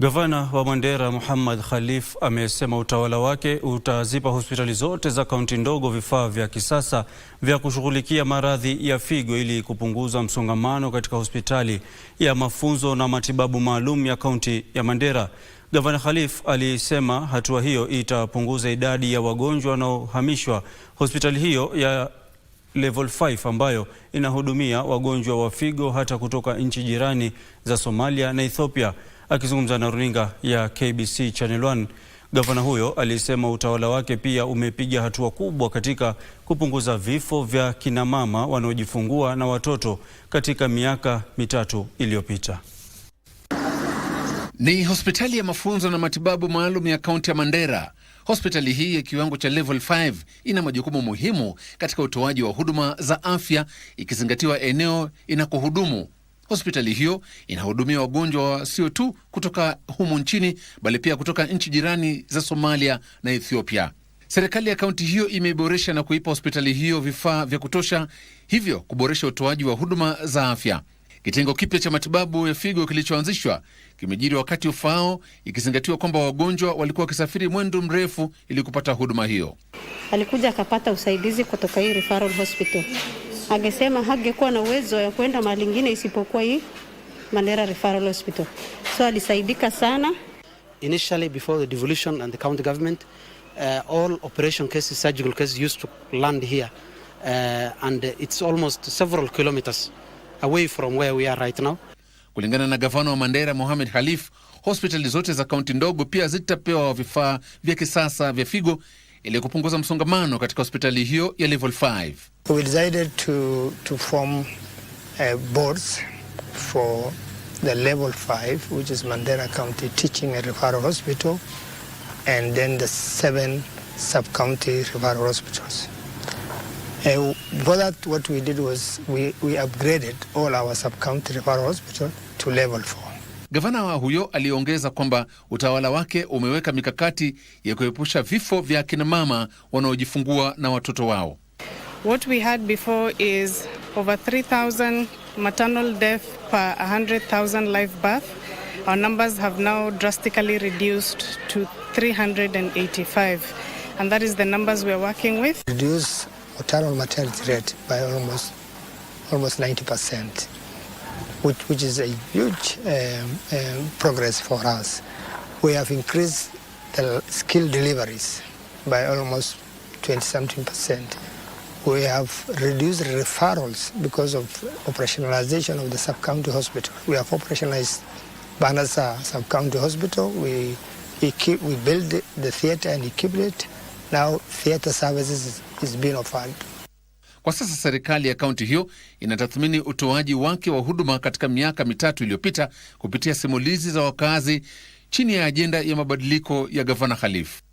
Gavana wa Mandera Muhammad Khalif amesema utawala wake utazipa hospitali zote za kaunti ndogo vifaa vya kisasa vya kushughulikia maradhi ya figo ili kupunguza msongamano katika hospitali ya mafunzo na matibabu maalum ya kaunti ya Mandera. Gavana Khalif alisema hatua hiyo itapunguza idadi ya wagonjwa wanaohamishwa hospitali hiyo ya level 5 ambayo inahudumia wagonjwa wa figo hata kutoka nchi jirani za Somalia na Ethiopia. Akizungumza na runinga ya KBC Channel 1, gavana huyo alisema utawala wake pia umepiga hatua kubwa katika kupunguza vifo vya kinamama wanaojifungua na watoto katika miaka mitatu iliyopita. Ni hospitali ya mafunzo na matibabu maalum ya kaunti ya Mandera. Hospitali hii ya kiwango cha level 5 ina majukumu muhimu katika utoaji wa huduma za afya, ikizingatiwa eneo inakohudumu Hospitali hiyo inahudumia wagonjwa wa sio tu kutoka humu nchini bali pia kutoka nchi jirani za Somalia na Ethiopia. Serikali ya kaunti hiyo imeboresha na kuipa hospitali hiyo vifaa vya kutosha, hivyo kuboresha utoaji wa huduma za afya. Kitengo kipya cha matibabu ya figo kilichoanzishwa kimejiri wakati ufaao, ikizingatiwa kwamba wagonjwa walikuwa wakisafiri mwendo mrefu ili kupata huduma hiyo. Alikuja akapata usaidizi kutoka hii referral hospital. Angesema hangekuwa na uwezo ya kwenda mahali ingine isipokuwa hii Mandera Referral Hospital. So alisaidika sana. Initially before the devolution and the county government uh, all operation cases surgical cases used to land here uh, and it's almost several kilometers away from where we are right now. Kulingana na gavana wa Mandera Mohamed Khalif, hospitali zote za kaunti ndogo pia zitapewa vifaa vya kisasa vya figo ili kupunguza msongamano katika hospitali hiyo ya level 5. We decided to, to form uh, boards for the level five, which is Mandera County Teaching and Referral Hospital, and then the seven sub-county referral hospitals. And for that, what we did was we, we upgraded all our sub-county referral hospital to level four. Gavana wa huyo aliongeza kwamba utawala wake umeweka mikakati ya kuepusha vifo vya akina mama wanaojifungua na watoto wao. What we had before is over 3,000 maternal death per 100,000 live birth. Our numbers have now drastically reduced to 385, and that is the numbers we're working with. Reduce maternal mortality rate by almost almost 90 percent, which, which is a huge um, um, progress for us. We have increased the skill deliveries by almost 20 something percent. we have reduced referrals because of operationalization of the sub-county hospital. We have operationalized Banasa uh, sub-county hospital. We, we, keep, we build the theater and equip it. Now theater services is being offered. Kwa sasa serikali ya kaunti hiyo inatathmini utoaji wake wa huduma katika miaka mitatu iliyopita kupitia simulizi za wakazi chini ya ajenda ya mabadiliko ya Gavana Khalifa.